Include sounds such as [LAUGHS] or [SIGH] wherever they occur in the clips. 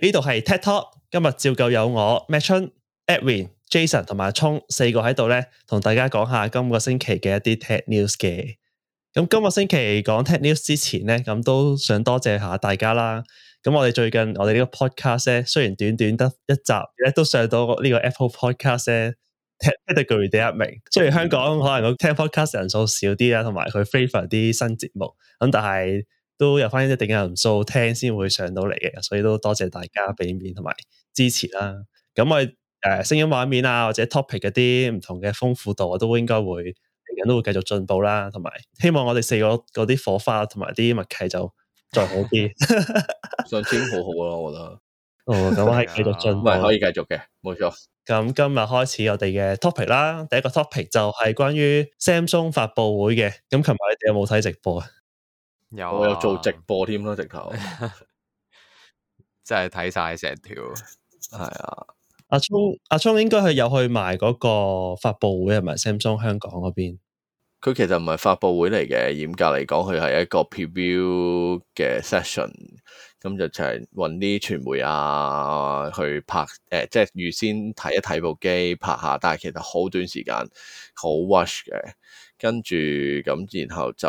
呢度係 Tech Talk，今日照舊有我、madchun、Edwin、Jason 同埋聰四個喺度咧，同大家講下今個星期嘅一啲 Tech News 嘅。咁今個星期講 Tech News 之前咧，咁都想多謝下大家啦。咁我哋最近我哋呢個 Podcast 咧，雖然短短得一集咧，都上到呢個 Apple Podcast 咧，take the g r e e 第一名。雖然香港可能個聽 Podcast 人數少啲啊，同埋佢 favor 啲新節目，咁但係，都有翻一定嘅人數聽先會上到嚟嘅，所以都多謝大家俾面同埋支持啦。咁我誒、呃、聲音畫面啊，或者 topic 嗰啲唔同嘅豐富度，我都應該會成日都會繼續進步啦。同埋希望我哋四個嗰啲火花同埋啲默契就再好啲。 [LAUGHS] 上天好好咯，我覺得。哦，咁係繼續進，唔係可以繼續嘅，冇 [LAUGHS] 錯。咁、嗯、今日開始我哋嘅 topic 啦，第一個 topic 就係關於 Samsung 發佈會嘅。咁琴日你哋有冇睇直播啊？有，我有做直播添啦，直頭真係睇晒，成條，係啊。阿聰阿聰應該係有去埋嗰個發佈會，係咪 Samsung 香港嗰邊？佢其實唔係發佈會嚟嘅，嚴格嚟講，佢係一個 preview 嘅 session。咁就就係搵啲傳媒啊去拍，誒、呃，即係預先睇一睇部機，拍下。但係其實好短時間，好 wash 嘅。跟住咁，然後就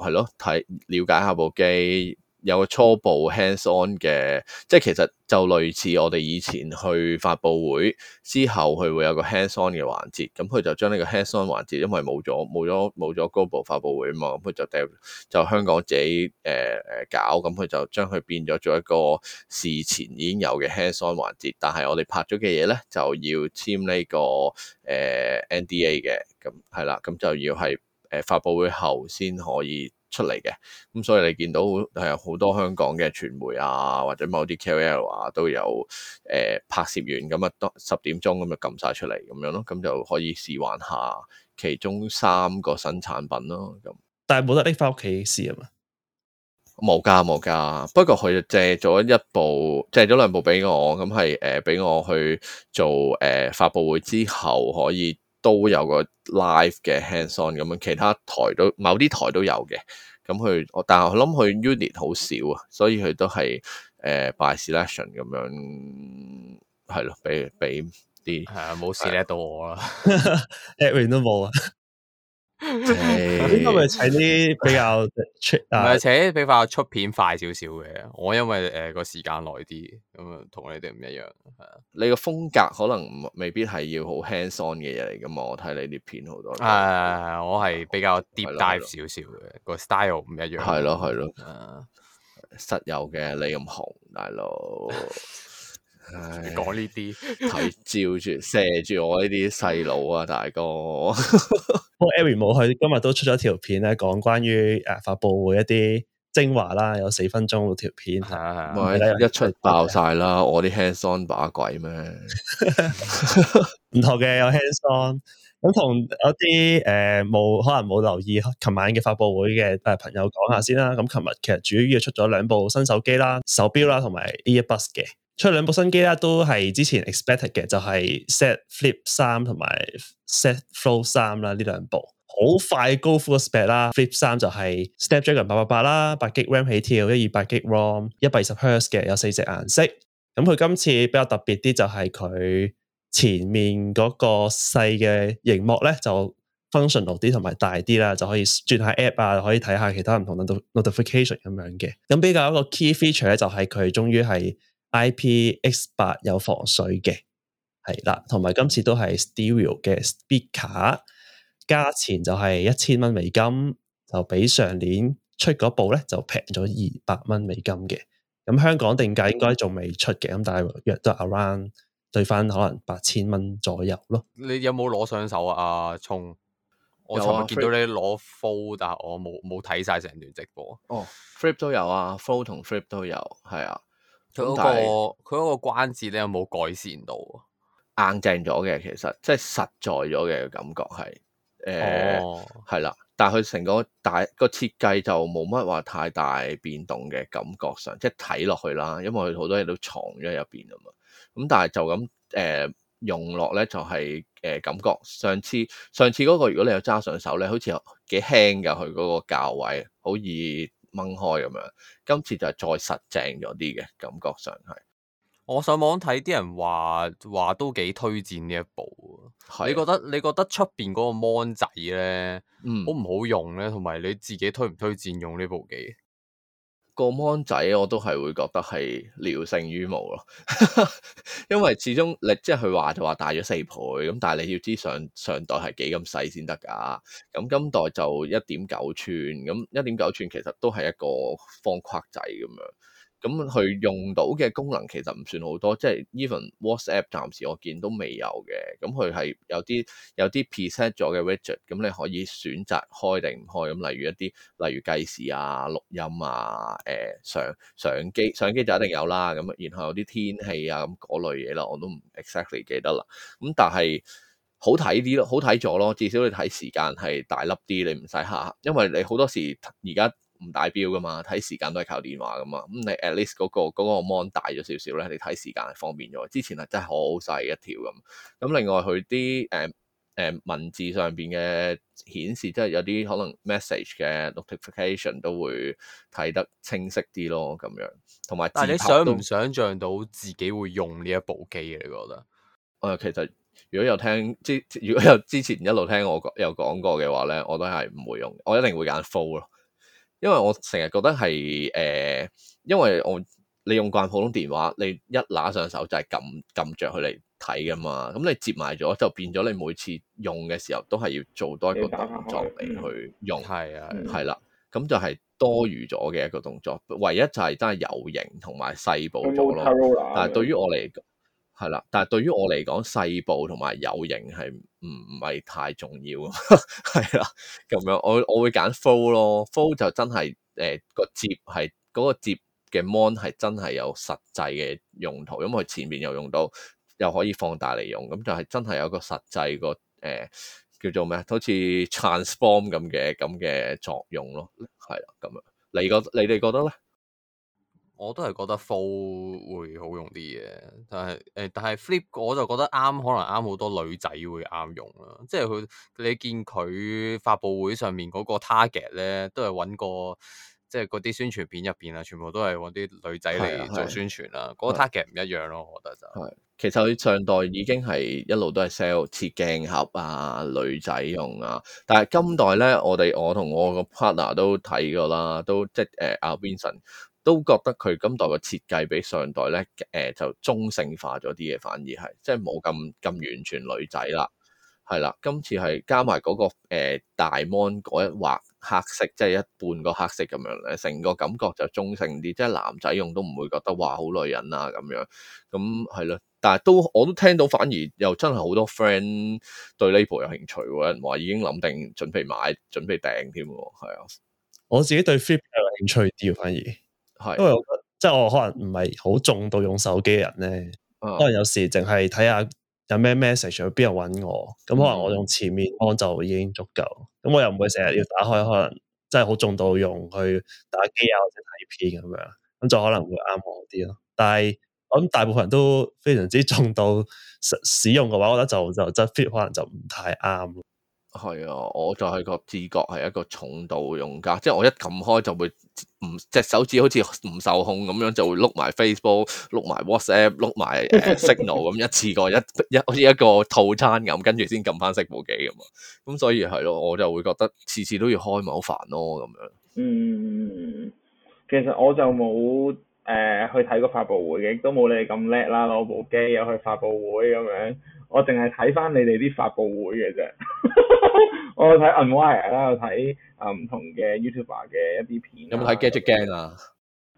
係咯，睇了解下部機，有個初步 hands on 嘅，即係其實就類似我哋以前去發佈會之後，佢會有個 hands on 嘅環節。咁佢就將呢個 hands on 環節，因為冇咗冇咗冇咗 Global 發佈會啊嘛，咁佢就就香港自己誒誒、呃、搞。咁佢就將佢變咗做一個事前已經有嘅 hands on 環節。但係我哋拍咗嘅嘢咧，就要簽呢、這個誒 NDA 嘅。呃咁係啦，咁、嗯、就要係誒、呃、發佈會後先可以出嚟嘅，咁、嗯、所以你見到係有好多香港嘅傳媒啊，或者某啲 KOL 啊都有誒、呃、拍攝完，咁啊當十點鐘咁啊撳晒出嚟咁樣咯，咁、嗯、就可以試玩下其中三個新產品咯，咁、嗯。但係冇得拎翻屋企試啊嘛？冇噶冇噶，不過佢就借咗一部，借咗兩部俾我，咁係誒俾我去做誒、呃、發佈會之後可以。都有個 live 嘅 hands-on 咁樣，on, 其他台都某啲台都有嘅，咁佢，但係我諗佢 unit 好少啊，所以佢都係誒、呃、by selection 咁樣，係咯，俾俾啲係啊，冇事叻、呃、到我啦，Edwin 都冇啊。應該咪睇啲比較出，唔係睇比較出片快少少嘅。我因為誒個、呃、時間耐啲，咁啊同你哋唔一樣。你個風格可能未必係要好 hands on 嘅嘢嚟噶嘛。我睇你啲片好多，誒、uh, 我係比較 deep dive 少少嘅個 style 唔一樣。係咯係咯，室友嘅你咁紅大佬。 [LAUGHS] 講呢啲睇照住射住我呢啲細佬啊，大哥！ [LAUGHS] [LAUGHS] 我 Eric 冇去，今日都出咗條片咧，講關於誒發布會一啲精華啦，有四分鐘嗰條片，咪一出爆晒啦！嗯、我啲 hands on 把鬼咩？唔 [LAUGHS] [LAUGHS] 同嘅有 hands on，咁同一啲誒冇可能冇留意琴晚嘅發布會嘅誒朋友講下先啦。咁琴日其實主要出咗兩部新手機啦、手錶啦，同埋 earbuds 嘅。出兩部新機啦，都係之前 expected 嘅，就係、是、Z Flip 三同埋 Z Fold 三啦，呢兩部好快高過 spec 啦。Flip 三就係 Snapdragon 八八八啦，八 G RAM 起跳，一二八 G ROM，一百二十 Hz 嘅，有四隻顏色。咁佢今次比較特別啲就係佢前面嗰個細嘅螢幕咧，就 functional 多啲同埋大啲啦，就可以轉下 app 啊，可以睇下其他唔同嘅 notification 咁樣嘅。咁比較一個 key feature 咧，就係佢終於係。IPX 八有防水嘅，係啦，同埋今次都係 stereo 嘅 speaker，價錢就係一千蚊美金，就比上年出嗰部咧就平咗二百蚊美金嘅。咁香港定價應該仲未出嘅，咁但係約得 around 對翻可能八千蚊左右咯。你有冇攞上手啊？阿聰，我尋日見到你攞 fold，但係我冇冇睇晒成段直播。啊、flip. 哦，flip 都有啊，fold 同 flip 都有，係啊。佢嗰、嗰個佢嗰是個關節咧，有冇改善到？硬淨咗嘅，其實即係實在咗嘅感覺係，誒係啦。但係佢成個大個設計就冇乜話太大變動嘅，感覺上，即係睇落去啦。因為佢好多嘢都藏喺入邊啊嘛。咁但係就咁誒、呃、用落咧、就係，就係誒感覺上次上次嗰個如果你有揸上手咧，好似幾輕㗎。佢嗰個鉸位好易。掹開咁樣，今次就再實正咗啲嘅感覺上係。我上網睇啲人話話都幾推薦呢一部的你，你覺得你覺得出面嗰個 Mon 仔咧，嗯、好唔好用咧？同埋你自己推唔推薦用呢部機？個芒仔我都係會覺得係聊勝於無咯， [LAUGHS] 因為始終你即係佢話就話大咗四倍咁，但係你要知上上代係幾咁細先得噶，咁今代就一點九寸，咁一點九寸其實都係一個方框仔咁樣。咁佢用到嘅功能其實唔算好多，即係 even WhatsApp 暫時我見都未有嘅。咁佢係有啲有啲 preset 咗嘅 widget，咁你可以選擇開定唔開。咁例如一啲例如計時啊、錄音啊、誒、欸、相機、相機就一定有啦。咁然後有啲天氣啊咁嗰類嘢啦、啊，我都唔 exactly 記得啦。咁但係好睇啲咯，好睇咗咯。至少你睇時間係大粒啲，你唔使嚇，因為你好多時而家。唔戴表㗎嘛，睇時間都係靠電話㗎嘛。咁你 at least 嗰個嗰個 mon 大咗少少咧，你睇時間係方便咗。之前係真係好細一條咁。咁另外佢啲誒誒文字上邊嘅顯示，即係有啲可能 message 嘅 notification 都會睇得清晰啲咯。咁樣同埋，自但係你想唔想像到自己會用呢一部機嘅？你覺得？誒、呃，其實如果有聽即如果有之前一路聽我有講過嘅話咧，我都係唔會用，我一定會揀 Fold 咯。因為我成日覺得係誒、呃，因為我你用慣普通電話，你一拿上手就係撳撳著佢嚟睇㗎嘛，咁你接埋咗就變咗你每次用嘅時候都係要做多一個動作嚟去用，係啊，係、嗯、啦的，咁、嗯、就係多餘咗嘅一個動作，唯一就係真係有型同埋細部咗咯，但係對於我嚟講。係啦，但係對於我嚟講，細部同埋有型係唔係太重要啊？ [LAUGHS] 係啦，咁樣我我會揀 Fold，咯 Fold 就真係誒、呃嗰個接係嗰、嗰個接嘅 mon 係真係有實際嘅用途，因為前面又用到，又可以放大嚟用，咁就係真係有個實際個誒、呃、叫做咩，好似 transform 咁嘅咁嘅作用咯，係啦，咁樣你覺你哋覺得咧？我都係覺得 Fold 會好用啲嘅，但係誒，但係 Flip 我就覺得啱，可能啱好多女仔會啱用啦。即係佢你見佢發布會上面嗰個 target 咧，都係揾個即係嗰啲宣傳片入邊啊，全部都係揾啲女仔嚟做宣傳啦。嗰、啊啊、個 target 唔是、啊、一樣咯，我覺得就係、是啊、其實佢上代已經係一路都係 sell 切鏡盒啊，女仔用啊，但係今代咧，我哋我同我個 partner 都睇過啦，都即係誒阿 Vincent 都覺得佢今代嘅設計比上代咧誒、呃、就中性化咗啲嘢，反而係即係冇咁咁完全女仔啦，係啦。今次係加埋嗰、嗰個、呃、大 mon 嗰一劃黑色，即係一半個黑色咁樣咧，成個感覺就中性啲，即係男仔用都唔會覺得話好女人啊咁樣。咁係咯，但係都我都聽到，反而又真係好多 friend 對呢部有興趣喎，人話已經諗定準備買、準備訂添喎。係啊，我自己對 flip 有興趣啲喎，反而。係，因為我即係我可能唔係好重到用手機嘅人咧，哦、可能有時淨係睇下有咩 message，有邊度搵我，咁可能我用前面方就已經足夠，咁我又唔會成日要打開，可能真係好重到用去打機啊或者睇片咁樣，咁就可能會啱我啲咯。但係我諗大部分人都非常之重到使使用嘅話，我覺得就就側 fit 可能就唔太啱。係啊，我就係個自覺係一個重度用家，即係我一撳開就會唔隻手指好似唔受控咁樣，就會碌埋 Facebook、碌埋 WhatsApp、碌埋誒 Signal 咁，一次過一一好似一,一,一個套餐咁，跟住先撳翻熄部機咁啊。咁所以係咯，我就會覺得次次都要開，咪好煩咯咁樣。嗯，其實我就冇誒、呃、去睇個發佈會嘅，都冇你咁叻啦，攞部機又去發佈會咁樣。我淨係睇翻你哋啲發佈會嘅啫，我睇 Unwire 啦，我睇啊唔同嘅 YouTuber 嘅一啲片。有冇睇 Gadget Gang 啊？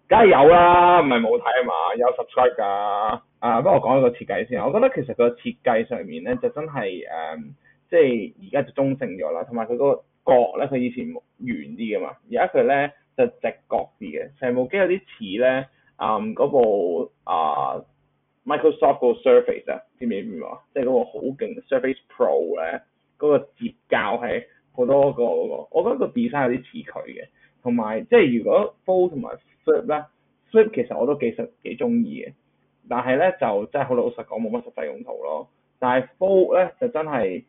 梗係有啦，唔係冇睇啊嘛，有 subscribe 㗎、啊。啊，不過我講一個設計先，我覺得其實個設計上面咧就真係誒、嗯，即係而家就中性咗啦，同埋佢嗰個角咧，佢以前圓啲嘅嘛，而家佢咧就直角啲嘅。成部機有啲似咧，啊嗰部啊。Microsoft 個 Surface 啊，知唔知邊個？即係嗰個好勁 Surface Pro 咧，嗰個摺鉸係好多個嗰個，我覺得個 design 有啲似佢嘅。同埋即係如果 Fold 同埋 Flip 咧，Flip 其實我都幾實幾中意嘅，但係咧就真係好老實講冇乜實際用途咯。但係 Fold 咧就真係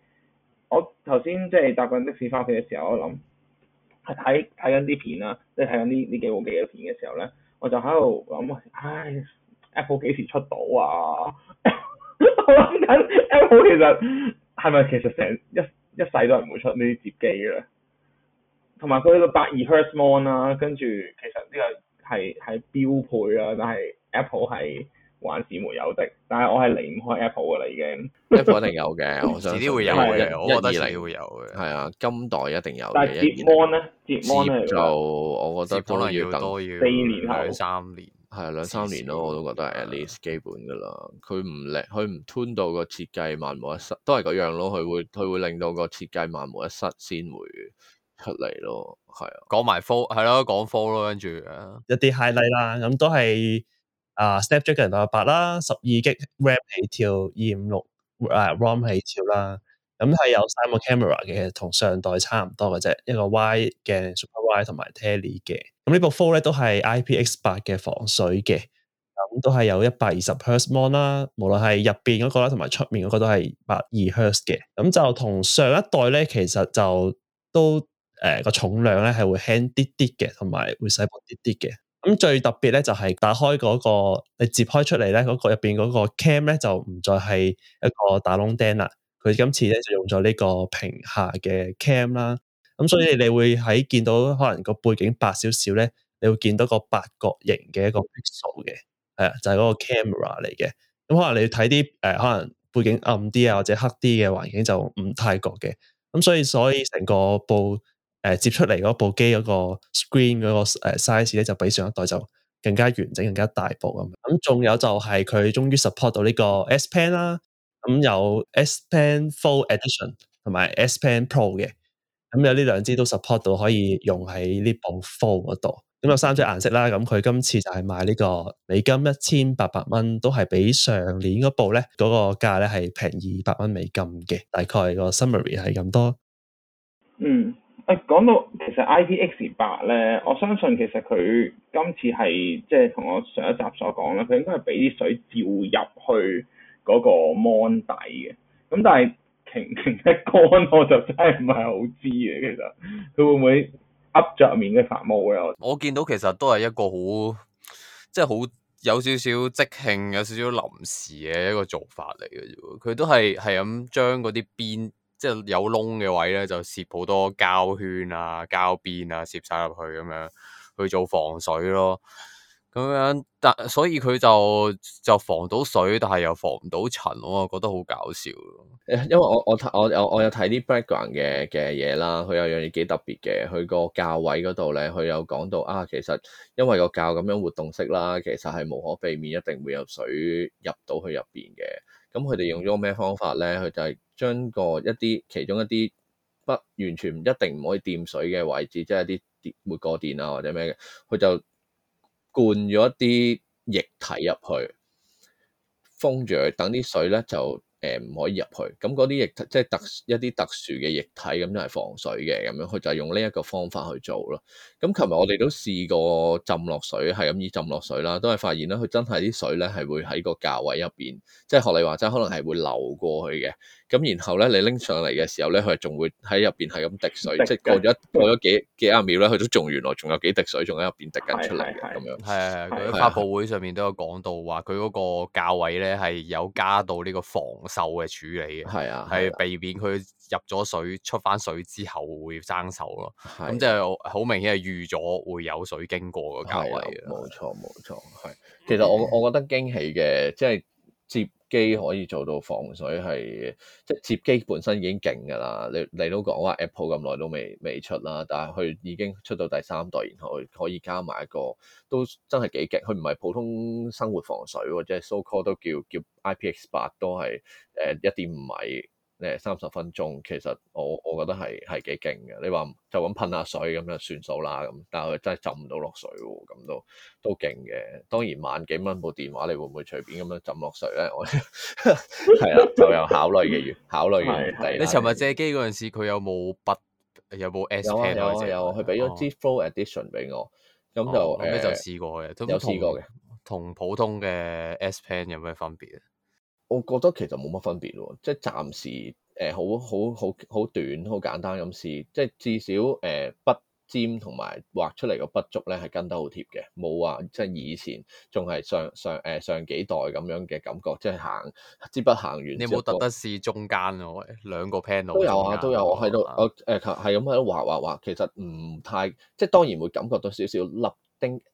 我頭先即係搭緊的士翻屋企嘅時候，我諗係睇睇緊啲片啦，即係睇緊呢呢幾部幾多片嘅時候咧，我就喺度諗，唉～Apple 幾時出到啊？ [LAUGHS] 我諗緊 Apple 其實係咪其實成一一世都係唔會出呢啲折機嘅？同埋佢呢個百二 Hertz Mon 啦，跟住其實呢個係係標配啊。但係 Apple 係還是玩沒有的。但係我係離唔開 Apple 㗎啦，已經。Apple 一定有嘅，我遲啲 [LAUGHS] 會有嘅，是我覺得二嚟會有嘅。係啊，今代一定有。但係折 Mon 咧，折 Mon 就我覺得可能要等四年後三年。係兩三年咯，我都覺得係 at least 基本噶啦。佢唔叻，佢唔 tune 到個設計萬無一失，都係嗰樣咯。佢會佢會令到個設計萬無一失先會出嚟咯。係啊，啊，啊，講埋科係咯，講科咯，跟住一啲 highlight 啦，咁都係啊，Snapdragon 八八八啦，十二 G RAM 起跳，二五六啊 ROM 起跳啦。咁係有三個 camera 嘅，同上代差唔多嘅啫，一個 Y 嘅 Super Y 同埋 Tele 嘅。咁呢部 phone 咧都係 IPX 八嘅防水嘅，咁、嗯、都係有一百二十 hertz mon 啦，無論係入邊嗰個啦，同埋出面嗰個都係百二 hertz 嘅。咁、嗯、就同上一代咧，其實就都誒個、呃、重量咧係會輕啲啲嘅，同埋會細薄啲啲嘅。咁、嗯、最特別咧就係、是、打開嗰、那個，你接開出嚟咧嗰個入邊嗰個 cam 咧就唔再係一個打窿釘啦，佢今次咧就用咗呢個屏下嘅 cam 啦。咁所以你會喺見到可能個背景白少少咧，你會見到個八角形嘅一個 pixel 嘅，係啊，就係、是、嗰個 camera 嚟嘅。咁可能你要睇啲誒，可能背景暗啲啊，或者黑啲嘅環境就唔太覺嘅。咁所以所以成個部誒、呃、接出嚟嗰部機嗰個 screen 嗰個 size 咧，就比上一代就更加完整、更加大部咁。咁仲有就係佢終於 support 到呢個 S Pen 啦，咁有 S Pen Full Edition 同埋 S Pen Pro 嘅。咁有呢兩支都 support 到可以用喺呢部 phone 嗰度。咁有三隻顏色啦，咁佢今次就係賣呢個美金一千八百蚊，都係比上年嗰部咧，嗰個價咧，係平二百蚊美金嘅。大概個 summary 係咁多。嗯，誒、啊、講到其實 IPX 八咧，我相信其實佢今次係即係同我上一集所講啦，佢應該係俾啲水照入去嗰個 mon 底嘅。咁但係。嗯啊平一乾我就真係唔係好知嘅，其實佢會唔會凹着面嘅發毛嘅？我我見到其實都係一個好即係好有少少即興，有少少臨時嘅一個做法嚟嘅啫。佢都係係咁將嗰啲邊即係有窿嘅位咧，就攝好多膠圈啊、膠邊啊攝晒入去咁樣去做防水咯。咁樣，但所以佢就就防到水，但係又防唔到塵咯。我覺得好搞笑，因為我我睇我我有睇啲 background 嘅嘅嘢啦。佢有樣嘢幾特別嘅，佢個較位嗰度咧，佢有講到啊。其實因為個較咁樣活動式啦，其實係無可避免，一定會有水入到去入邊嘅。咁佢哋用咗咩方法咧？佢就係將個一啲其中一啲不完全唔一定唔可以掂水嘅位置，即係啲電會過電啊或者咩嘅，佢就，灌咗一啲液體入去，封住佢，等啲水咧就誒唔可以入去。咁嗰啲液即係特一啲特殊嘅液體，咁就係防水嘅。咁樣佢就係用呢一個方法去做咯。咁琴日我哋都試過浸落水，係咁以浸落水啦，都係發現啦，佢真係啲水咧係會喺個價位入邊，即係學你話齋，可能係會流過去嘅。咁然後咧，你拎上嚟嘅時候咧，佢仲會喺入邊係咁滴水，即係過咗過咗幾幾十秒咧，佢都仲原來仲有幾滴水，仲喺入邊滴緊出嚟嘅咁樣。係啊，佢喺發佈會上面都有講到話，佢嗰個鉸位咧係有加到呢個防鏽嘅處理嘅，係啊，係避免佢入咗水出翻水之後會生鏽咯。咁即係好明顯係預咗會有水經過個鉸位嘅。冇錯，冇錯，係。其實我我覺得驚喜嘅，即係接機可以做到防水係，即係折機本身已經勁㗎啦。你你都講話 Apple 咁耐都未未出啦，但係佢已經出到第三代，然後可以加埋一個都真係幾勁。佢唔係普通生活防水，或者 so called 都叫叫 IPX 八都係誒一點五米。誒，三十分鐘，其實我我覺得係係幾勁嘅。你話就咁噴下水咁就算數啦，咁但係真係浸唔到落水喎，咁都都勁嘅。當然萬幾蚊部電話，你會唔會隨便咁樣浸落水咧？我係啦，就有考慮嘅，要考慮嘅。你尋日借機嗰陣時，佢有冇筆？有冇 S Pen？有佢俾咗支 Pro Edition 俾我，咁就後尾就試過嘅，都有試過嘅。同普通嘅 S Pen 有咩分別啊？我覺得其實冇乜分別喎，即係暫時誒好好好好短，好簡單咁試，即係至少誒筆尖同埋畫出嚟個筆觸咧係跟得好貼嘅，冇話即係以前仲係上上誒、呃、上幾代咁樣嘅感覺，即係行支筆行完。你冇特登試中間啊？喂，兩個 panel 都有啊，都有喺度，我誒係咁喺度畫畫畫，其實唔太即係當然會感覺到少少甩。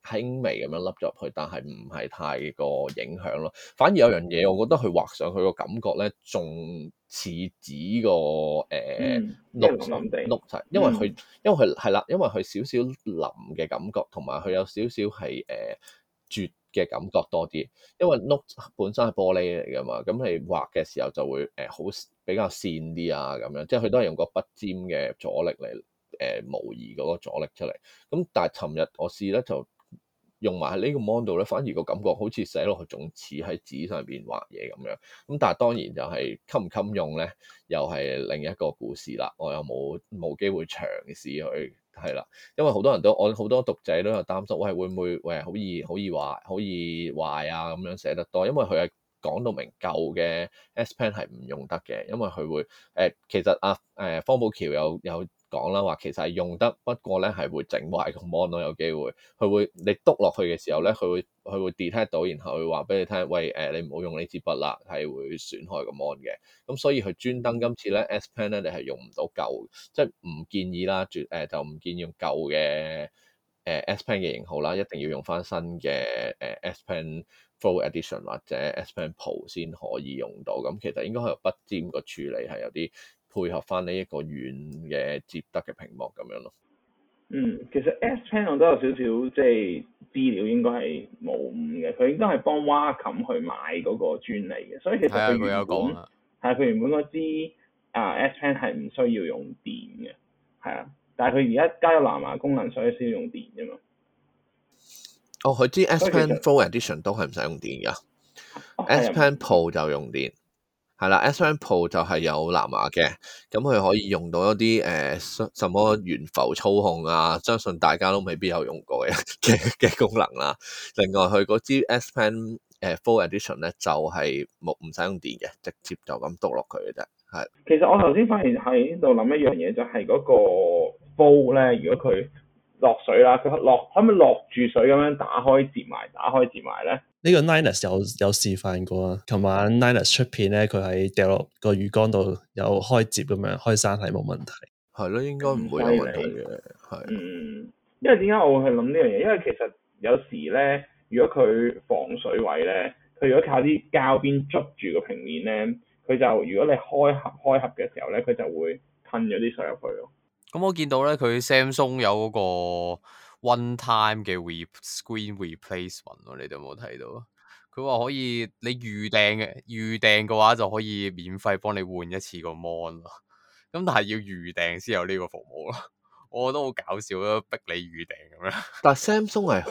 輕微咁樣凹咗入去，但係唔係太過影響咯。反而有樣嘢，我覺得佢畫上去個感覺咧，仲似紙個誒碌曬碌曬，因為佢因為佢係啦，因為佢少少腍嘅感覺，同埋佢有少少係誒、呃、絕嘅感覺多啲。因為碌本身係玻璃嚟㗎嘛，咁你畫嘅時候就會誒好、呃、比較跣啲啊，咁樣即係佢都係用個筆尖嘅阻力嚟。誒模擬嗰個阻力出嚟咁，但係尋日我試咧，就用埋喺呢個 model 咧，反而個感覺好似寫落去仲似喺紙上邊畫嘢咁樣。咁但係當然就係襟唔襟用咧，又係另一個故事啦。我又冇冇機會嘗試去係啦，因為好多人都我好多讀仔都有擔心，喂，會唔會誒好易好易壞好易壞啊，咁樣寫得多，因為佢係講到明舊嘅 S Pen 係唔用得嘅，因為佢會誒。其實阿、啊、誒、啊啊啊、方寶橋有有。有講啦，話其實係用得，不過咧係會整壞個 mon 咯，有機會佢會你督落去嘅時候咧，佢會佢會 detect 到，然後佢會話俾你聽，喂誒、呃，你唔好用呢支筆啦，係會損害個 mon 嘅。咁所以佢專登今次咧，S Pen 咧，你係用唔到舊，即係唔建議啦，絕誒、呃、就唔建議用舊嘅誒 S Pen 嘅型號啦，一定要用翻新嘅誒 S Pen Fold Edition 或者 S Pen Pro 先可以用到。咁其實應該係有筆尖個處理係有啲。配合翻呢一個軟嘅接得嘅屏幕咁樣咯。嗯，其實 S Pen 都有少少即係資料應該係冇誤嘅。佢應該係幫 Wacom 去買嗰個專利嘅，所以其實佢原本係佢、啊、原本嗰支啊 S Pen 係唔需要用電嘅，係啊，但係佢而家加咗藍牙功能，所以需要用電啫嘛。哦，佢知 S Pen Fold Edition 都係唔使用電嘅，S Pen、哦、Pro 就用電。係啦，S, S Pen Pro 就係有藍牙嘅，咁佢可以用到一啲誒什什麼懸浮操控啊，相信大家都未必有用過嘅嘅嘅功能啦。另外佢嗰支 S Pen 誒、呃、Fold Edition 咧就係冇唔使用電嘅，直接就咁篤落佢嘅啫。係。其實我頭先發現喺呢度諗一樣嘢，就係、是、嗰個煲咧，如果佢落水啦，佢落可唔可以落住水咁樣打開折埋，打開折埋咧？呢個 Ninus 有有示範過啊！琴晚 Ninus 出片咧，佢喺掉落個魚缸度有開折咁樣開山，係冇問題。係咯，應該唔會有問題嘅。係，是嗯，因為點解我會諗呢樣嘢？因為其實有時咧，如果佢防水位咧，佢如果靠啲膠邊捉住個平面咧，佢就如果你開合開合嘅時候咧，佢就會噴咗啲水入去咯。咁我見到咧，佢 Samsung 有嗰、嗰個。one-time 嘅 re screen replacement，你哋有冇睇到？佢話可以你預訂嘅預訂嘅話就可以免費幫你換一次個 mon 咯，咁但係要預訂先有呢個服務咯。我覺得好搞笑咯，逼你預訂咁樣。但 Samsung 係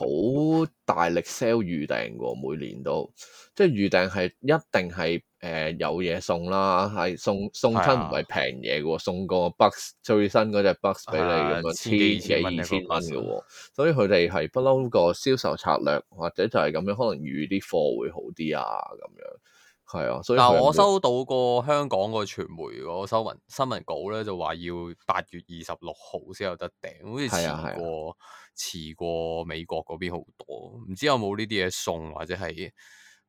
好大力 sell 預訂嘅，每年都即係預訂係一定係。誒、呃，有嘢送啦，係送送出唔係平嘢嘅喎，送、啊、送個 Buds 最新嗰隻 Buds 俾你咁樣、啊，千幾二千蚊嘅喎，所以佢哋係不嬲個銷售策略，或者就係咁樣，可能預啲貨會好啲啊，咁樣係啊，所以嗱，我收到個香港個傳媒個新聞新聞稿咧，就話要八月二十六號先有得訂，好似遲過遲、啊啊啊、過美國嗰邊好多，唔知有冇呢啲嘢送或者係。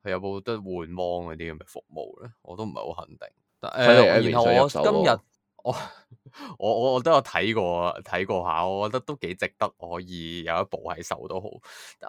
佢有冇得換芒嗰啲咁嘅服務咧？我都唔係好肯定。誒、欸，的然後我今日、嗯、我我我都有睇過睇過下，我覺得都幾值得，可以有一部系手都好。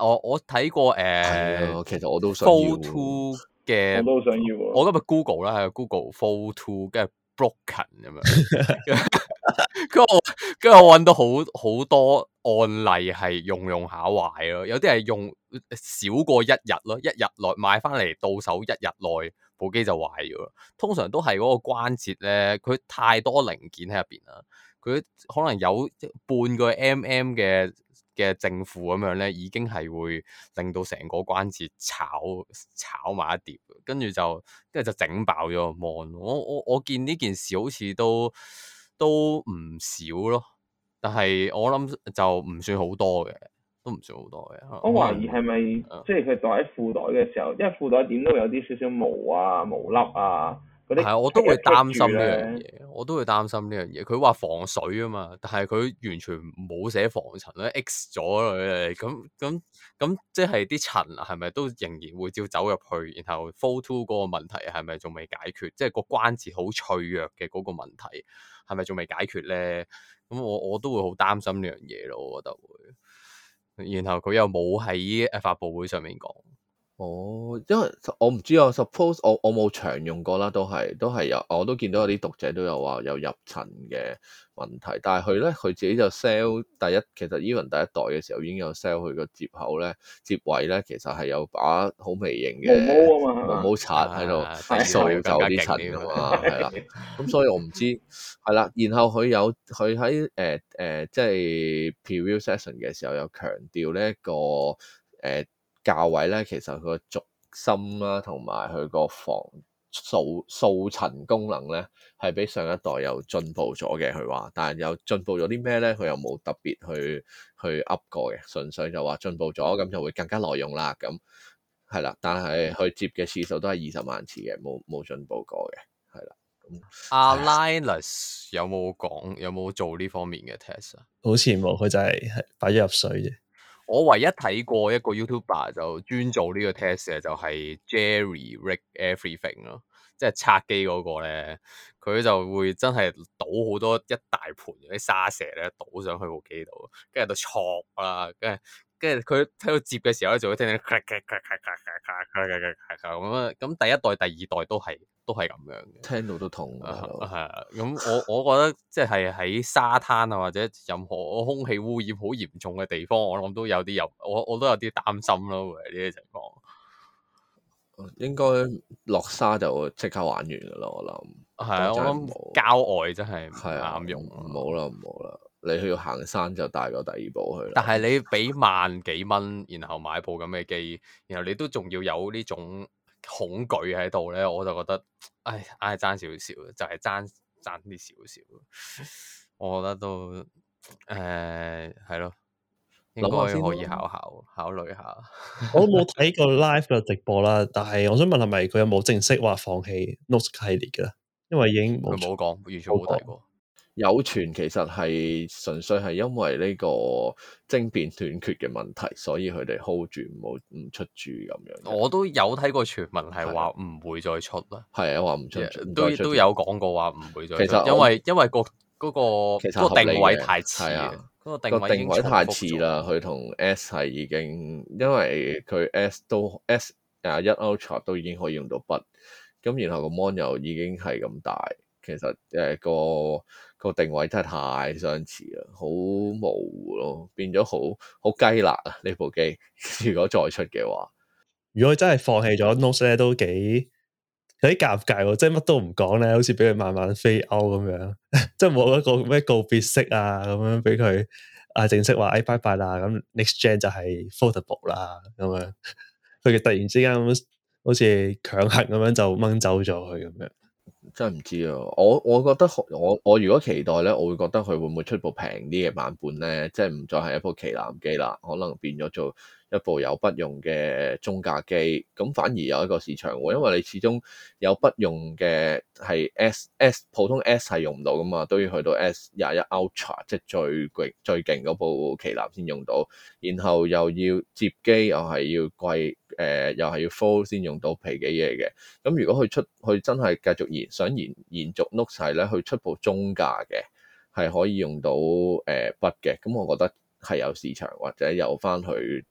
我我睇過誒、呃，其實我都想 Two 嘅，我都想要、啊。我今日 Google 啦，Google Fold 2跟住 broken 咁樣。 [LAUGHS] [LAUGHS] 跟住 [LAUGHS] 我，跟住我揾到好好多案例係用用下壞咯，有啲係用少過一日咯，一日內買翻嚟到手一日內部機就壞咗。通常都係嗰個關節咧，佢太多零件喺入邊啦，佢可能有半個 mm 嘅嘅正負咁樣咧，已經係會令到成個關節炒炒埋一碟，跟住就跟住就整爆咗個 mon。我我我見呢件事好似都～都唔少咯，但係我諗就唔算好多嘅，都唔算好多嘅。我懷疑係咪即係佢袋喺褲袋嘅時候，因為褲袋點都有啲少少毛啊、毛粒啊。係啊，我都會擔心呢樣嘢，我都會擔心呢樣嘢。佢話防水啊嘛，但係佢完全冇寫防塵咧，X 咗佢。咁咁咁，即係啲塵係咪都仍然會照走入去？然後 Fold two 嗰個問題係咪仲未解決？即係個關節好脆弱嘅嗰個問題係咪仲未解決咧？咁我我都會好擔心呢樣嘢咯，我覺得會。然後佢又冇喺誒發佈會上面講。哦，oh，因為我唔知啊，suppose 我我冇常用過啦，都係都係有，我都見到有啲讀者都有話有入塵嘅問題，但係佢咧佢自己就 sell 第一，其實 even 第一代嘅時候已經有 sell 佢個接口咧接位咧，其實係有把好微型嘅毛毛刷喺度掃走啲塵啊嘛，係啦，咁、啊 [LAUGHS] 嗯、所以我唔知係啦，然後佢有佢喺誒誒即係 preview session 嘅時候有強調呢、那、一個誒。呃呃鉸位咧，其實佢個軸心啦，同埋佢個防掃掃塵功能咧，係比上一代又進步咗嘅。佢話，但係又進步咗啲咩咧？佢又冇特別去去噏過嘅，純粹就話進步咗，咁就會更加耐用啦。咁係啦，但係佢接嘅次數都係二十萬次嘅，冇冇進步過嘅，係啦。阿 Linus 有冇講有冇做呢方面嘅 test 啊？好似冇，佢就係擺咗入水啫。我唯一睇過一個 YouTuber 就專做呢個 test 嘅就係 Jerry Rick Everything 咯，即係拆機嗰個咧，佢就會真係倒好多一大盤嗰啲沙石咧，倒上去部機度，跟住喺度戳啦，跟住。跟住佢喺度接嘅時候咧，就會聽聽「咔咔咔咔咔咔咔咔咔」咁樣。咁第一代、第二代都係都係咁樣嘅，聽到都痛啊。係啊，咁、uh, yeah, 我 [LAUGHS] 我覺得即係喺沙灘啊，或者任何空氣污染好嚴重嘅地方，我諗都有啲有，我我都有啲擔心咯。會係呢啲情況，應該落沙就即刻玩完噶啦。我諗係啊，uh, yeah, 我諗郊外真係啱用。唔、嗯、好啦，唔好啦。你去到行山就帶個第二部去。但係你俾萬幾蚊，然後買部咁嘅機，然後你都仲要有呢種恐懼喺度咧，我就覺得，唉，唉，爭少少，就係爭爭啲少少。我覺得都，誒、呃，係咯，應該可以考考考慮下。下 [LAUGHS] 我冇睇過 live 嘅直播啦，但係我想問係咪佢有冇正式話放棄 Note 系列嘅？因為已經佢冇講，完全冇睇過。有傳其實係純粹係因為呢個晶片短缺嘅問題，所以佢哋 hold 住唔好唔出住咁樣。我都有睇過傳聞係話唔會再出啦。係啊，話唔出，都 Yeah, 都有講過話唔會再出。其實因為因為、嗰個嗰個定位太似，嗰的個定位，定位太似啦。佢同 S 係已經，因為佢 S 都 S 21 Ultra 都已經可以用到筆，咁然後個 mon 又已經係咁大。其實誒、呃、個個定位真係太相似啦，好模糊咯，變咗好好雞肋啊！呢部機如果再出嘅話，如果佢真係放棄咗 Note 咧，都幾有啲尷尬喎。即係乜都唔講咧，好似俾佢慢慢飛歐咁樣，即係冇一個咩告別式啊，咁樣俾佢啊正式話誒、哎、拜拜啦，咁 Next Gen 就係 Foldable 啦，咁樣佢哋突然之間咁好似強行咁樣就掹走咗佢咁樣。真係唔知啊！我我覺得我我如果期待咧，我會覺得佢會唔會出部平啲嘅版本咧？即係唔再係一部旗艦機啦，可能變咗做一部有筆用嘅中價機，咁反而有一個市場喎，因為你始終有筆用嘅係 S S 普通 S 係用唔到噶嘛，都要去到 S 廿一 Ultra 即係最勁最勁嗰部旗艦先用到，然後又要接機又係要貴，誒、呃、又係要 full 先用到皮嘅嘢嘅。咁如果佢出佢真係繼續延想延延續碌晒 o k 咧，去出部中價嘅係可以用到誒、呃、筆嘅，咁我覺得係有市場或者有翻去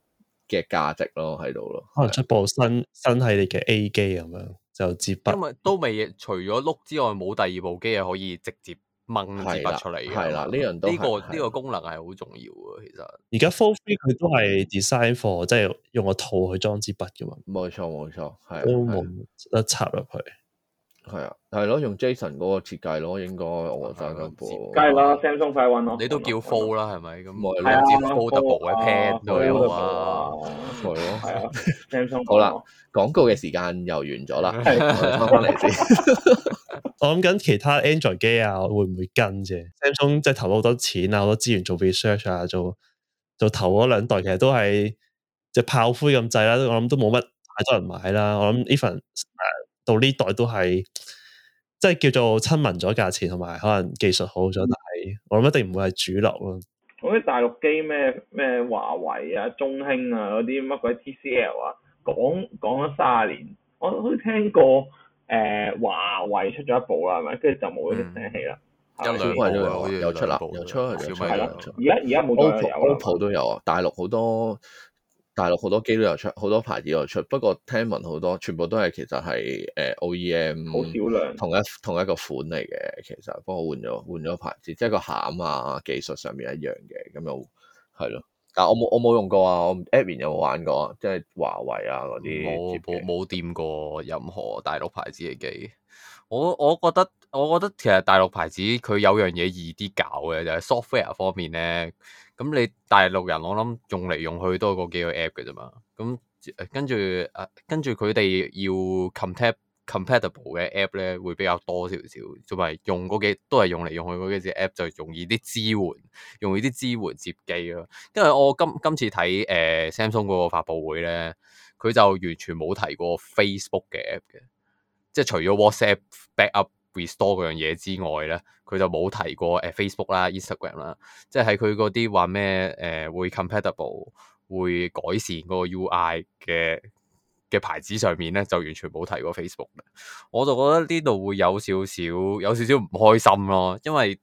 嘅價值咯，喺度咯，可能出部新新系列嘅 A 機咁樣就接筆，因為都未除咗碌之外，冇第二部機啊可以直接掹支筆出嚟嘅，係啦，呢樣呢、呢個呢、呢個功能係好重要嘅其實。而家 Four Three 佢都係 design for 即係用個套去裝支筆嘅嘛，冇錯冇錯，係都冇得插入去。係啊，係咯，用 Jason 嗰個設計咯，應該我翻緊波。梗係啦，Samsung 快運咯。你都叫 Fold 啦，係咪咁？我係啊，Fold double 嘅 pad 啊嘛，係咯，係啊，Samsung。好啦，廣告嘅時間又完咗啦，翻翻嚟先。我諗緊其他 Android 機啊，會唔會跟啫？Samsung 即係投咗好多錢啊，好多資源做 research 啊，做做投嗰兩代，其實都係即係炮灰咁滯啦。我諗都冇乜太多人買啦。我諗 Even 到呢代都係，即係叫做親民咗價錢，同埋可能技術好咗，嗯、但係我諗一定唔會係主流咯。好似大陸機咩咩華為啊、中興啊嗰啲乜鬼 TCL 啊，講講咗三十年，我都聽過。誒、呃，華為出咗一部啦，係咪？跟住就冇聲氣啦。小米吧有出啦，有出。小米有出。係啦，而家而家冇。Oppo Apple, 都有啊，大陸好多。大陸好多機都有出，好多牌子有出，不過聽聞好多全部都係其實係誒 OEM，好少量同一同一個款嚟嘅，其實幫我換咗換咗牌子，即係個餡啊技術上面一樣嘅，咁又係咯。但係我冇我冇用過啊，我 Edwin 有冇玩過啊？即係華為啊嗰啲冇冇掂過任何大陸牌子嘅機。我我覺得我覺得其實大陸牌子佢有樣嘢易啲搞嘅，就係、是、software 方面咧。咁你大陸人我諗用嚟用去都係嗰幾個 app 嘅啫嘛。咁跟住啊，跟住佢哋要 compat compatible 嘅 app 咧，會比較多少少，同埋用嗰幾都係用嚟用去嗰幾隻 app 就容易啲支援，容易啲支援接機咯。因為我今今次睇誒、呃、Samsung 嗰個發布會咧，佢就完全冇提過 Facebook 嘅 app 嘅。即係除咗 WhatsApp back up restore 嗰樣嘢之外咧，佢就冇提過誒 Facebook 啦、Instagram 啦。即係佢嗰啲話咩誒會 compatible 會改善嗰個 UI 嘅嘅牌子上面咧，就完全冇提過 Facebook。我就覺得呢度會有少少有少少唔開心咯，因為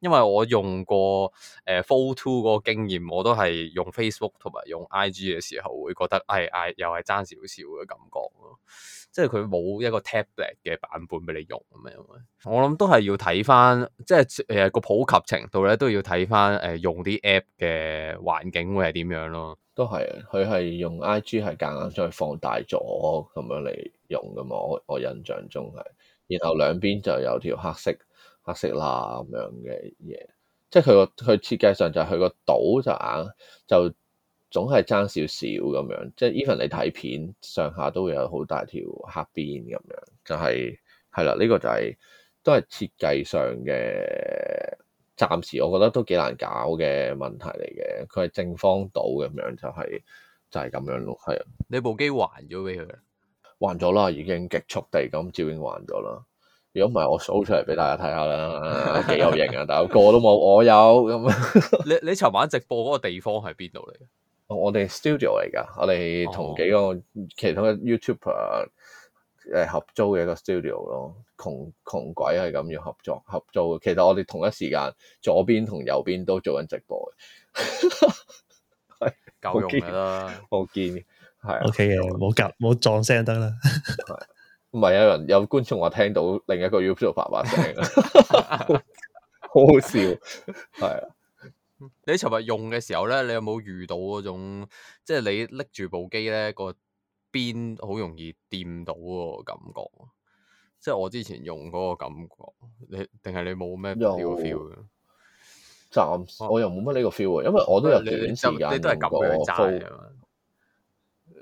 因為我用過誒 Fold Two 嗰個經驗，我都係用 Facebook 同埋用 I G 嘅時候會覺得誒誒、哎哎、又係爭少少嘅感覺咯。即係佢冇一個 tablet 嘅版本俾你用咁樣，我諗都係要睇翻，即係誒個普及程度咧，都要睇翻誒用啲 app 嘅環境會係點樣咯。都係，佢係用 IG 係夾硬再放大咗咁樣嚟用噶嘛，我我印象中係。然後兩邊就有條黑色黑色啦咁樣嘅嘢，即係佢個佢設計上就係佢個島就硬就。總係爭少少咁樣，即係 even 你睇片，上下都會有好大條黑邊咁樣，就係係啦，呢、這個就係、是、都係設計上嘅，暫時我覺得都幾難搞嘅問題嚟嘅。佢係正方倒咁樣，就係、是、就係、是、咁樣咯，係啊。你部機還咗俾佢啦，還咗啦，已經極速地咁照應還咗啦。如果唔係我數出嚟俾大家睇下啦，幾、啊、有型啊！ [LAUGHS] 但係個都冇，我有咁。你你尋晚直播嗰個地方係邊度嚟？我哋 studio 嚟噶，我哋同幾個其他嘅 YouTuber 誒合租嘅一個 studio 咯，窮窮鬼係咁要合作合租。其實我哋同一時間左邊同右邊都做緊直播，係 [LAUGHS] 夠用嘅啦。我見係 OK 嘅，好夾唔撞聲得啦。係唔係有人有觀眾話聽到另一個 YouTuber 發聲，好好笑係啊。你尋日用嘅時候咧，你有冇遇到嗰種，即係你拎住部機咧個邊好容易掂到嗰個感覺？即係我之前用嗰個感覺，你定係你冇咩 feel feel 嘅？暫時我又冇乜呢個 feel 啊，因為我都有、啊、你段時間我。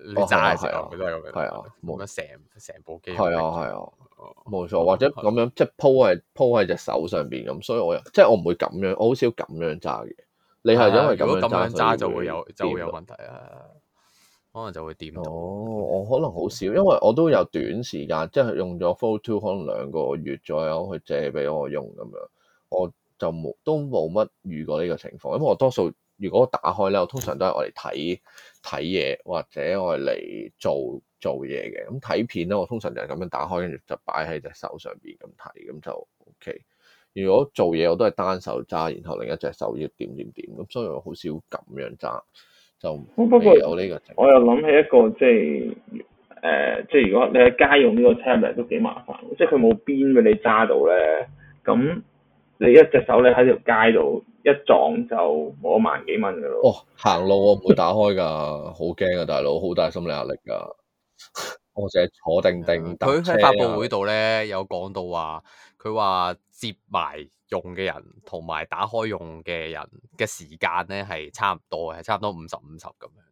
你揸嘅時候，佢都係咁樣，係啊，冇樣成成部機，係啊係啊，冇錯，或者咁樣，即係鋪喺鋪喺隻手上邊咁，所以我又即係我唔會咁樣，我好少咁樣揸嘅。你係因為咁樣揸就會有就會有問題啊？可能就會跌。哦，我可能好少，因為我都有短時間，即係用咗 Fold 2，可能兩個月左右去借俾我用咁樣，我就冇都冇乜遇過呢個情況，因為我多數。如果打開咧，我通常都係我嚟睇睇嘢，或者我嚟做做嘢嘅。咁、嗯、睇片咧，我通常就係咁樣打開，跟住就擺喺隻手上邊咁睇，咁就 OK。如果做嘢，我都係單手揸，然後另一隻手要點點點，咁所以我好少咁樣揸。就、啊、不過有呢個，我又諗起一個即係誒，即係、呃、如果你喺家用呢個 tablet 都幾麻煩，即係佢冇邊俾你揸到咧，咁。你一隻手咧喺條街度一撞就冇一萬幾蚊噶咯。哦，行路我、啊、唔會打開噶，好驚 [LAUGHS] 啊，大佬，好大心理壓力噶、啊。 [LAUGHS] 我淨係坐定定。佢喺、啊、發佈會度咧有講到話，佢話接埋用嘅人同埋打開用嘅人嘅時間咧係差唔多，係差唔多五十五十咁樣。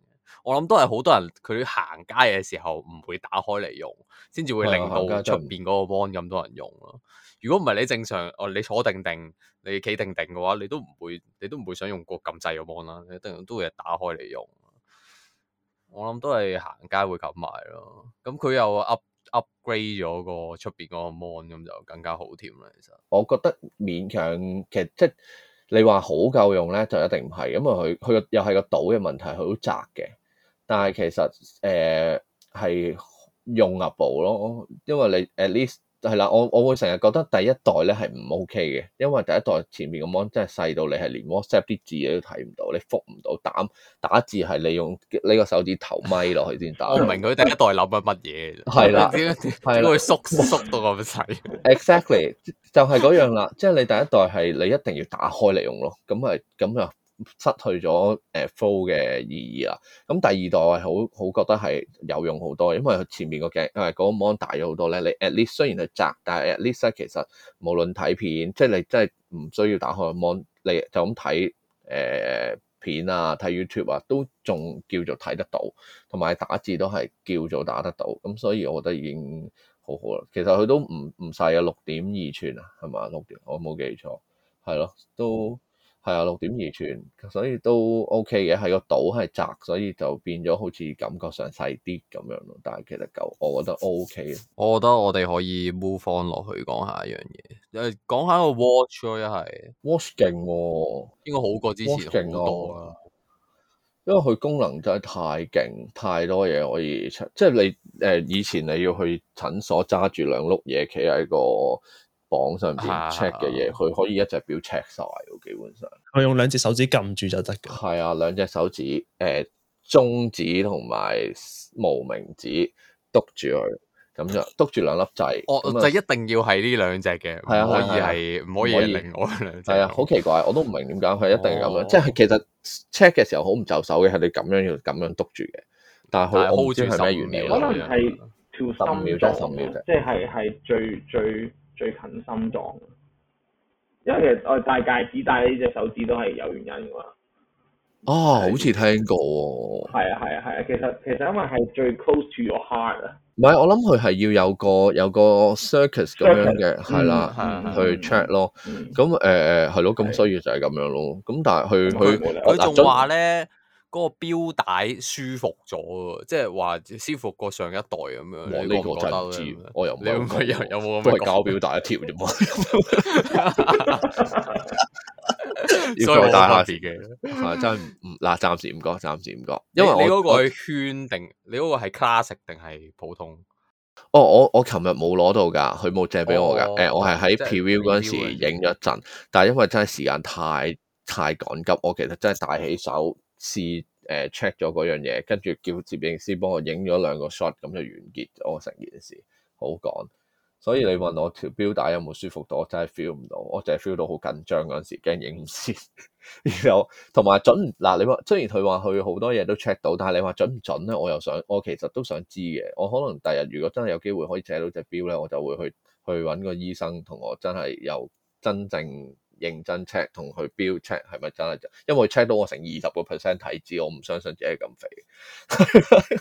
我諗都係好多人，佢行街嘅時候唔會打開嚟用，先至會令到出邊嗰個 mon 咁多人用咯。 [MUSIC] 如果唔係你正常，哦，你坐定定，你企定定嘅話，你都唔會，你都唔會想用個撳掣嘅 mon 啦。你一定都會打開嚟用。我諗都係行街會冚埋咯。咁佢又 up upgrade 咗個出邊嗰個 mon，咁就更加好添啦。其實我覺得勉強，其實即係你話好夠用咧，就一定唔係，因為佢佢又係個島嘅問題，佢好窄嘅。但係其實誒係、呃、用壓步咯，因為你 at least 係啦，我我會成日覺得第一代咧係唔 OK 嘅，因為第一代前面個 mon 真係細到你係連 WhatsApp 啲字都睇唔到，你覆唔到，打打字係你用呢個手指頭咪落去先打，我唔明佢第一代諗緊乜嘢啫，係 [LAUGHS] 啦，點點點點會縮 [LAUGHS] 縮到咁細？Exactly 就係嗰樣啦，即係 [LAUGHS] 你第一代係你一定要打開嚟用咯，咁咪咁啊～失去咗誒 flow 嘅意義啦。咁第二代係好好覺得係有用好多，因為佢前面個鏡因為個鏡誒個 mon 大咗好多咧。你 at least 雖然係窄，但係 at least 其實無論睇片，即係你真係唔需要打開個 mon，你就咁睇誒片啊，睇 YouTube 啊，都仲叫做睇得到，同埋打字都係叫做打得到。咁所以我覺得已經好好啦。其實佢都唔唔細啊，六點二寸啊，係嘛六點，2，我冇記錯，係咯都。係啊，六點二寸，所以都 O K 嘅。係個度係窄，所以就變咗好似感覺上細啲咁樣咯。但係其實夠，我覺得 O K 嘅。我覺得我哋可以 move on 落去講下一樣嘢，誒講下個 watch 咯，係 watch 勁喎，應該好過之前 Watch 勁多啊。因為佢功能真係太勁，太多嘢可以出，即係你誒，呃，以前你要去診所揸住兩碌嘢，企喺個。綁網上面 check 嘅嘢，佢可以一隻錶 check 晒，基本上隻。佢用兩隻手指撳住就得嘅。係啊，兩隻手指，誒、呃，中指同埋無名指篤住佢，咁樣，篤住兩粒掣。 [NOISE] [NOISE] 哦，樣就一定要係呢兩隻嘅，係、哦、啊，可以係，唔可以係另外兩隻。係 [NOISE] 啊，好奇怪，我都唔明點解佢一定咁樣。哦、即係其實 check 嘅時候好唔就手嘅，係你咁樣要咁樣篤住嘅。但係好似係咩原理？可能係跳十五秒得十秒啫。即係係最最。 [NOISE] 最近心臟，因為其實我戴，戴戒指戴呢隻手指都係有原因㗎嘛。哦，好似聽過喎、哦。係啊係啊係啊，其實其實因為係最 close to your heart 啊。唔係，我諗佢係要有個有個 circus 咁樣嘅係 Circus、嗯、啦，的去 check 咯。咁誒誒係咯，咁、嗯呃、所以就係咁樣咯。咁但係佢佢佢仲話咧。的嗰個錶帶舒服咗喎，即係話舒服過上一代咁樣，你覺唔覺我咧？我又唔覺得咧。都係膠錶帶貼點啊！要強大下自己，真係唔嗱，暫時唔講，暫時唔講。因為你嗰個係圈定，你嗰個係 classic 定係普通？哦，我我琴日冇攞到㗎，佢冇借俾我㗎。誒，我係喺 preview 嗰陣時影咗一陣，但係因為真係時間太太趕急，我其實真係戴起手。試誒 check 咗嗰樣嘢，跟住叫攝影師幫我影咗兩個 shot，咁就完結咗成件事，好講。所以你問我條表帶有冇舒服到，我真係 feel 唔到，我淨係 feel 到好緊張嗰陣時，驚影唔先。 [LAUGHS] 然後同埋準，嗱你話，雖然佢話佢好多嘢都 check 到，但係你話準唔準咧？我又想，我其實都想知嘅。我可能第日如果真係有機會可以借到隻表咧，我就會去去揾個醫生同我真係由真正，認真 check 同佢標 check 係咪真係真？因為 check 到我成二十個 percent 體脂，我唔相信自己係咁肥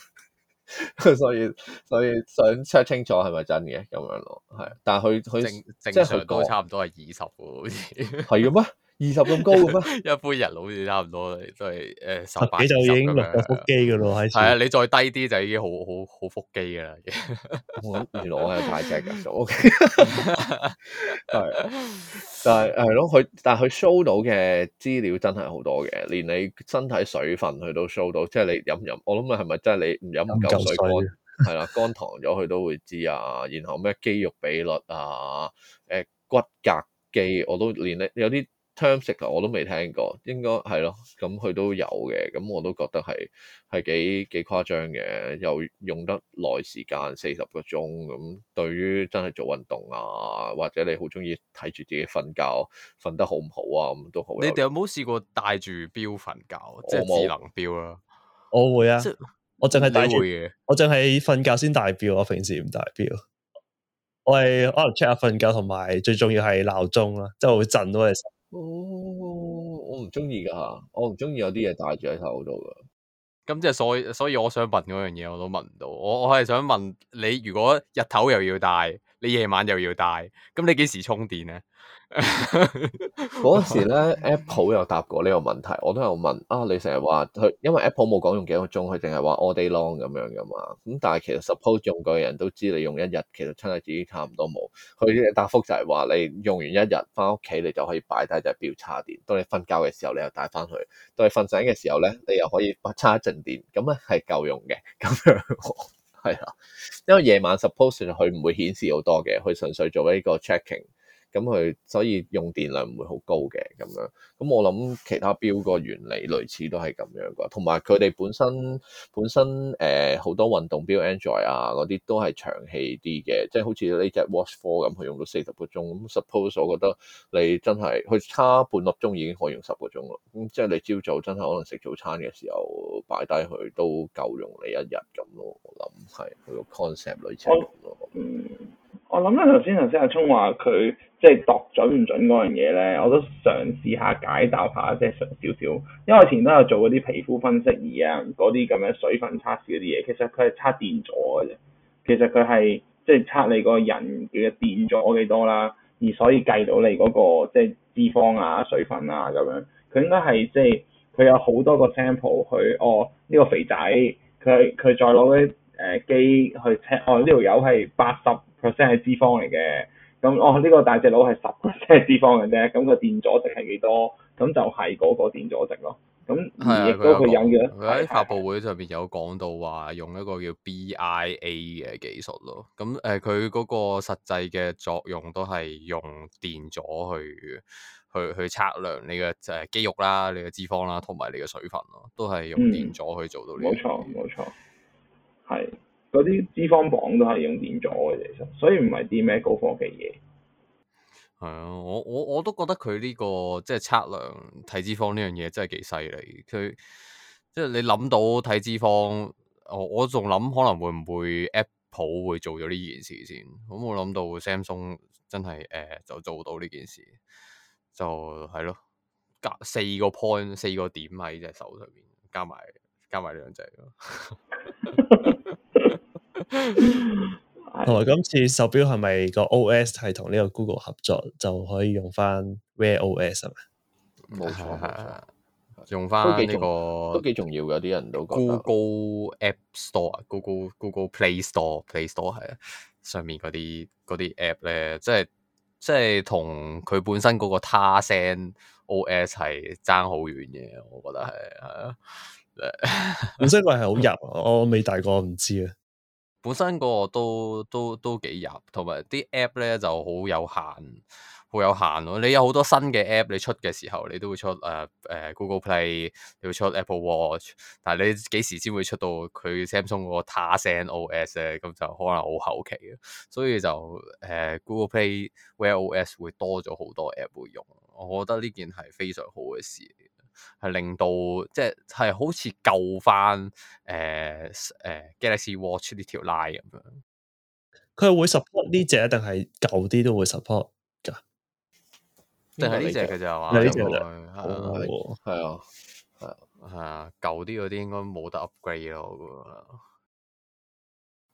[LAUGHS] 所，所以所以想 check 清楚係咪真嘅咁樣咯，係但係佢佢正常都差唔多係二十，好似係嘅咩？ [LAUGHS] 二十咁高咁樣？一般人好似差唔多都，都係誒十幾就已經有腹肌噶咯，係。啊，你再低啲就已經好好好腹肌噶啦。 [LAUGHS] 原來我係太隻嘅。O K。係， [LAUGHS] [LAUGHS] [LAUGHS] 但係係咯，佢但係佢 show 到嘅資料真係好多嘅，連你身體水分佢都 show 到，即係你飲唔飲？我諗係咪真係你唔飲唔夠水幹？係啦乾，乾糖咗佢都會知啊。然後咩肌肉比率啊？誒、呃、骨骼肌我都連你有啲。我都未聽過，應該係咯，咁佢都有嘅，咁我都覺得係係幾幾誇張嘅，又用得耐時間四十個鐘咁，對於真係做運動啊，或者你好中意睇住自己瞓覺瞓得好唔好啊，咁都好。你哋有冇試過戴住錶瞓覺，即係智能錶啦、啊？我會啊，即、我淨係戴住嘅，我淨係瞓覺先戴錶，我平時唔戴錶。我係可能 check 下瞓覺，同埋最重要係鬧鐘啦，即係會震到你。哦，我唔中意噶，我唔中意有啲嘢戴住喺頭度噶。咁即係所以，所以我想問嗰樣嘢，我都問唔到。我我係想問你，如果日頭又要戴，你夜晚又要戴，咁你幾時充電咧？嗰 [LAUGHS] 時咧，Apple 有答過呢個問題，我都有問啊。你成日話佢，因為 Apple 冇講用幾個鐘，佢淨係話 all day long 咁樣噶嘛。咁但係其實 suppose 用過嘅人都知，你用一日其實真係自，自己差唔多冇。佢嘅答覆就係話，你用完一日翻屋企，你就可以擺低隻錶叉電。當你瞓覺嘅時候，你又帶翻去；當你瞓醒嘅時候咧，你又可以叉一陣電，咁咧係夠用嘅。咁樣係啊， [LAUGHS] 因為夜晚 suppose 佢唔會顯示好多嘅，佢純粹做一個 checking。咁佢所以用電量唔會好高嘅咁樣，咁我諗其他錶個原理類似都係咁樣㗎，同埋佢哋本身本身誒好、呃、多運動錶 Android 啊嗰啲都係長氣啲嘅，即係好似呢隻 Watch 4咁，佢用到四十個鐘。咁、嗯、Suppose 我覺得你真係佢差半粒鐘已經可以用十個鐘咯，咁、嗯、即係你朝早真係可能食早餐嘅時候擺低佢都夠用你一日咁咯，我諗係佢個 concept 類似咯。我諗咧，頭先頭先阿聰話佢即係度準唔準嗰樣嘢咧，我都嘗試下解答下，即係嘗少少。因為我以前都有做嗰啲皮膚分析儀啊，嗰啲咁樣水分測試嗰啲嘢，其實佢係測電阻嘅啫。其實佢係即係測你個人嘅電阻幾多啦，而所以計到你嗰個即係脂肪啊、水分啊咁樣。佢應該係即係佢有好多個 sample，佢哦呢個肥仔，佢佢再攞嗰。誒機去測哦，呢條友係八十 percent 係脂肪嚟嘅，咁、嗯、哦呢、呢個大隻佬係十 percent 脂肪嘅啫，咁、嗯嗰個電阻值係幾多？咁就係嗰個電阻值咯。咁、嗯、的而亦都佢有嘅，佢喺發佈會上邊有講到話用一個叫 BIA 嘅技術咯。咁誒，佢嗰個實際嘅作用都係用電阻去去去測量你嘅誒肌肉啦、你嘅脂肪啦同埋你嘅水分咯，都係用電阻去做到個、嗯。呢冇錯，冇錯。係嗰啲脂肪磅都係用電阻嘅，其實所以唔係啲咩高科技嘢。係啊，我我我都覺得佢呢、這個即係測量體脂肪呢樣嘢真係幾犀利。佢即係你諗到體脂肪，我我仲諗可能會唔會 Apple 會做咗呢件事先咁。我冇諗到 Samsung 真係誒、呃、就做到呢件事，就係咯隔四個 point 四個點喺隻手上面，加埋加埋兩隻咯。 [LAUGHS] [LAUGHS] [LAUGHS] 同埋今次手錶係咪個 OS 係同呢個 Google 合作就可以用翻 Wear OS 係咪？冇錯錯，係啊錯，用翻呢個都幾重要嘅。啲人都講 Google App Store、Google Google Play Store、Play Store 係上面嗰啲啲 App 咧，即係即係同佢本身嗰個 Tizen OS 係爭好遠嘅。我覺得係係啊，唔知佢係好入，我未大個唔知啊。本身個都都都幾入，同埋啲 app 咧就好有限，好有限咯。你有好多新嘅 app，你出嘅時候你都會出誒誒、呃呃、Google Play，你會出 Apple Watch，但係你幾時先會出到佢 Samsung 嗰個 Tizen OS 咧？咁就可能好後期，所以就誒、呃、Google Play Wear OS 會多咗好多 app 會用，我覺得呢件係非常好嘅事。係令到即係好似舊翻，誒誒、欸欸、Galaxy Watch 呢條 line 咁樣，佢會 support 呢隻定係舊啲都會 support 噶？定係呢隻嘅咋？呢隻係啊係啊係啊，舊啲嗰啲應該冇得 upgrade 咯。我覺得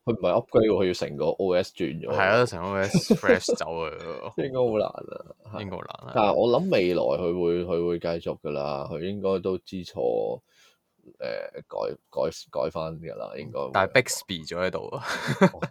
佢唔係 upgrade 佢要成個 OS 轉咗。係啊，成個 OS flash 走佢咯。應該好難啊，應該好難啊。是但係我諗未來佢會佢會繼續㗎啦，佢應該都知錯，誒、呃、改改改翻㗎啦，應該。但係 Bixby 仲喺度啊？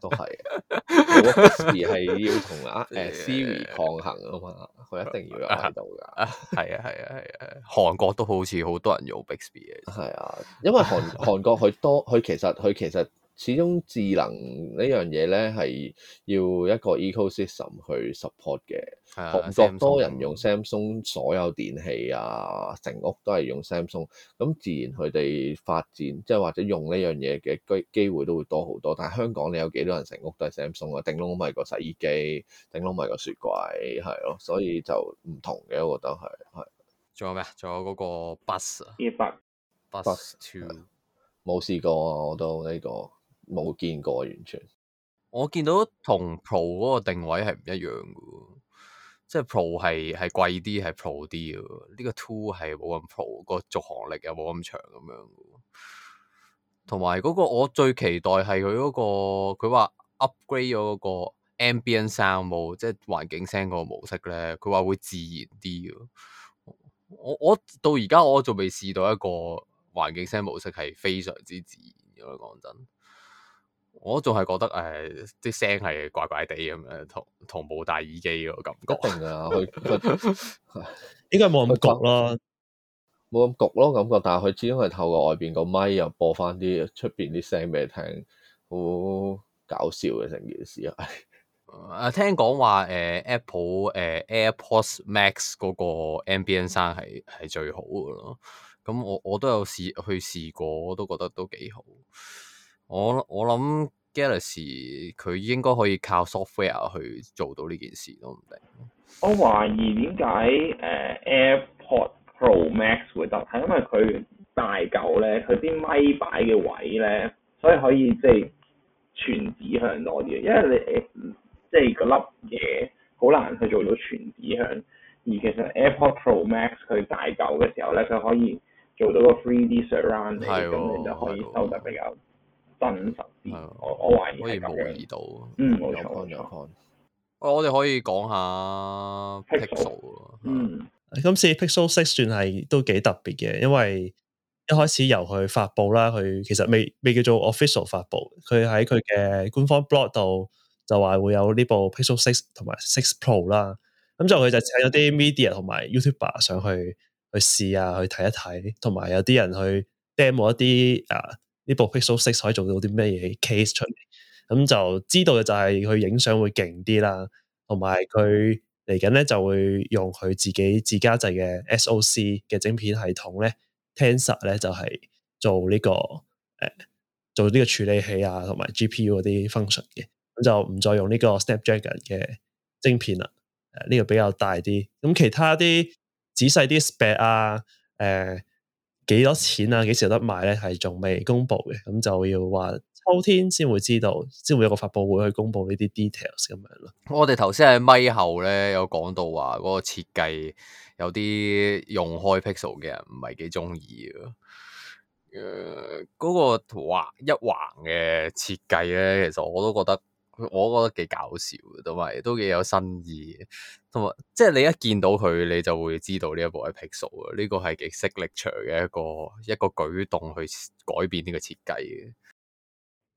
都係，Bixby 係要同啊誒 Siri 抗衡啊嘛，佢一定要喺度㗎。係啊，係啊，係啊，啊，啊，啊，韓國都好似好多人用 Bixby 嘅。係啊，因為韓韓國佢多，佢其實佢其實。始終智能呢樣嘢咧，係要一個 ecosystem 去 support 嘅。韓國咁多人用 Samsung，所有電器啊，成屋都係用 Samsung，咁自然佢哋發展即係或者用呢樣嘢嘅機機會都會多好多。但係香港你有幾多人成屋都係 Samsung 啊？頂籠咪個洗衣機，頂籠咪個雪櫃，係咯，所以就唔同嘅，我覺得係係。仲有咩？仲有嗰個 Buds？一百 100. Buds 2冇試過啊！我都呢、呢個。冇見過完全，我見到同 Pro 嗰個定位係唔一樣噶，即係 Pro 係係貴啲，係 Pro 啲噶。呢個 Two 係冇咁 Pro 個續航力又冇咁長咁樣，同埋嗰個我最期待係佢嗰個佢話 upgrade 咗嗰個 Ambient Sound mode, 即係環境聲嗰個模式咧，佢話會自然啲噶。我我到而家我仲未試到一個環境聲模式係非常之自然噶。講真。我仲係覺得誒，啲聲係怪怪地咁樣，同同冇戴耳機嘅感覺。定應該冇咁焗咯，冇咁焗咯感覺。但係佢始終係透過外邊個咪又播翻啲出邊啲聲俾你聽，好搞笑嘅成件事係。啊， [LAUGHS] 聽講話誒，Apple 誒、呃、AirPods Max 嗰個 ambient sound 係係最好嘅咯。咁我我都有試去試過，我都覺得都幾好。我我諗 Galaxy 佢應該可以靠 software 去做到呢件事，都唔定。我懷疑點解誒、呃、AirPod Pro Max 會得，係因為佢大夠舊咧，佢啲咪擺嘅位咧，所以可以即係全指向多啲。因為你即係粒嘢好難去做到全指向，而其實 AirPod Pro Max 佢大舊嘅時候咧，佢可以做到個 three D surround，咁、哦、你就可以收得比較。我我懷疑可以模擬到，嗯，冇錯冇錯。我哋可以講下 Pixel, Pixel 喎的，嗯。今次 Pixel Six 算係都幾特別嘅，因為一開始由佢發布啦，佢其實未未叫做 official 發布。佢喺佢嘅官方 blog 度就話會有呢部 Pixel Six 同埋 Six Pro 啦。咁就佢就請咗啲 media 同埋 YouTuber 上去去試下去看看去啊，去睇一睇，同埋有啲人去 demo 一啲啊。呢部 Pixel 6可以做到啲咩嘢 case 出嚟？咁就知道嘅就係佢影相會勁啲啦，同埋佢嚟緊咧就會用佢自己自家製嘅 SoC 嘅晶片系統咧，Tensor 咧就係、是、做呢、這個誒、呃、做呢個處理器啊，同埋 GPU 嗰啲 function 嘅，咁就唔再用呢個 Snapdragon 嘅晶片啦，誒、呃、呢、這個比較大啲，咁、嗯、其他啲仔細啲 spec 啊，誒、呃。幾多錢啊？幾時有得賣咧？係仲未公布嘅，咁就要話秋天先會知道，先會有個發佈會去公布呢啲 details 咁樣咯。我哋頭先喺咪後咧有講到話嗰個設計有啲用開 Pixel 嘅人唔係幾中意啊。誒、呃，嗰、那個橫一橫嘅設計咧，其實我都覺得。我覺得幾搞笑，同埋都幾有新意，同埋即係你一見到佢，你就會知道呢一部係 Pixel 嘅，呢個係幾色力場嘅一個一個，一個舉動去改變呢個設計嘅。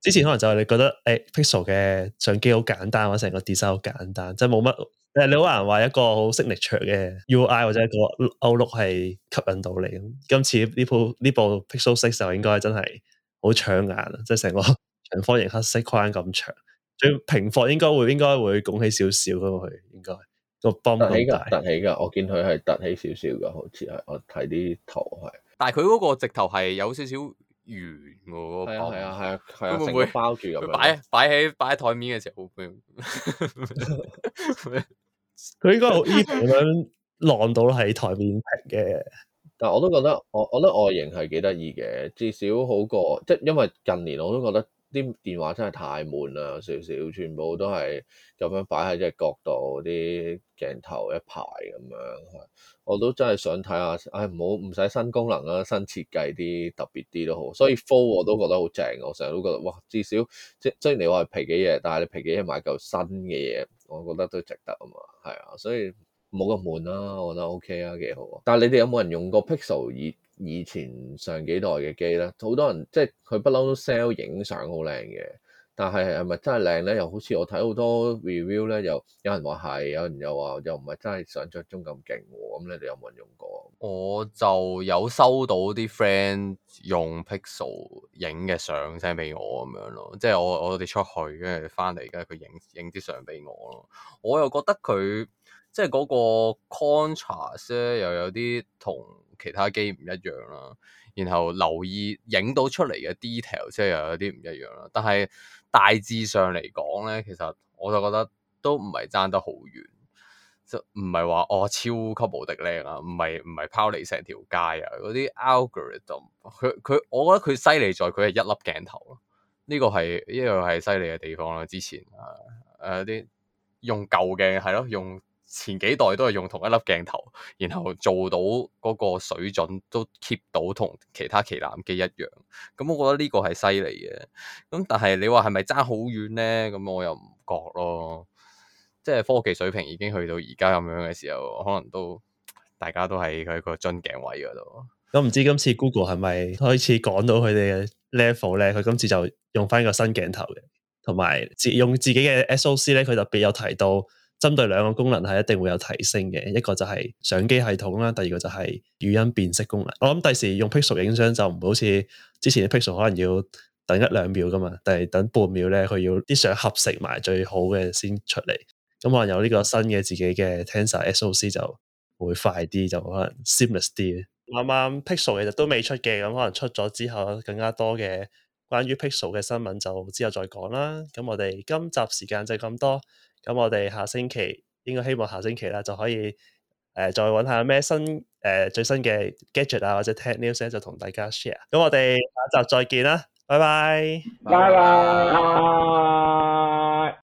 之前可能就係你覺得誒、欸、Pixel 嘅相機好簡單，或者成個 design 好簡單，即係冇乜誒你好難話一個好色力場嘅 UI 或者一個 outlook 係吸引到你。咁今次呢部呢部 Pixel Six 就應該真係好搶眼啦，即係成個長方形黑色框咁長。平放應該會應該會拱起少少咯，佢應該個泵起噶，凸起噶，我見佢係凸起少少噶，好似係我睇啲圖係。但係佢嗰個直頭係有少少圓噶，係啊係啊係啊，會唔會包住咁樣？擺擺喺擺喺台面嘅時候，佢應該好 even 咁樣晾到喺台面平嘅。但係我都覺得我我覺得外形係幾得意嘅，至少好過即係因為近年我都覺得。啲電話真係太悶啦，少少全部都係咁樣擺喺隻角度，啲鏡頭一排咁樣。我都真係想睇下，唉唔好唔使新功能啊，新設計啲特別啲都好。所以 Fold 我都覺得好正，我成日都覺得，哇至少即雖然你話係皮幾嘢，但係你皮幾嘢買嚿新嘅嘢，我覺得都值得啊嘛，係啊，所以。冇咁悶啦，啊，我覺得 OK 啊，幾好啊！但係你哋有冇人用過 Pixel 以以前上幾代嘅機咧？好多人即係佢不嬲都 sell 影相好靚嘅，但係係咪真係靚咧？又好似我睇好多 review 咧，又有人話係，有人又話又唔係真係想像中咁勁喎。咁你哋有冇人用過？我就有收到啲 friend 用 Pixel 影嘅相 send 俾我咁樣咯，即係我我哋出去跟住翻嚟，跟住佢影影啲相俾我咯。我又覺得佢。即係嗰個 contrast 又有啲同其他機唔一樣啦，然後留意影到出嚟嘅 detail 即係又有啲唔一樣啦。但係大致上嚟講咧，其實我就覺得都唔係爭得好遠，就唔係話哦超級無敵靚啦，唔係唔係拋離成條街啊，嗰啲 algorithm，佢佢我覺得佢犀利在佢係一粒鏡頭咯，呢個係呢個係犀利嘅地方啦。之前啊，誒、呃、啲用舊嘅，係咯用。前幾代都係用同一粒鏡頭，然後做到嗰個水準都 keep 到同其他旗艦機一樣，咁、嗯、我覺得個、嗯、是是呢個係犀利嘅。咁但係你話係咪爭好遠咧？咁我又唔覺咯。即係科技水平已經去到而家咁樣嘅時候，可能都大家都係佢個樽頸位嗰度。咁唔知今次 Google 係咪開始講到佢哋嘅 level 咧？佢今次就用翻個新鏡頭嘅，同埋自用自己嘅 SoC 咧，佢特別有提到。針對兩個功能係一定會有提升嘅，一個就係相機系統啦，第二個就係語音辨識功能。我諗第時用 Pixel 影相就唔好似之前嘅 Pixel 可能要等一兩秒噶嘛，但係等半秒咧，佢要啲相合成埋最好嘅先出嚟。咁可能有呢個新嘅自己嘅 Tensor SoC 就會快啲，就可能 seamless 啲。啱啱 Pixel 其實都未出嘅，咁可能出咗之後更加多嘅關於 Pixel 嘅新聞就之後再講啦。咁我哋今集時間就咁多。咁我哋下星期應該，希望下星期啦，就可以、呃、再揾下咩新、呃、最新嘅 gadget 啊，或者 tech news、啊、就同大家 share。咁我哋下一集再見啦，拜拜，拜拜 bye。Bye bye。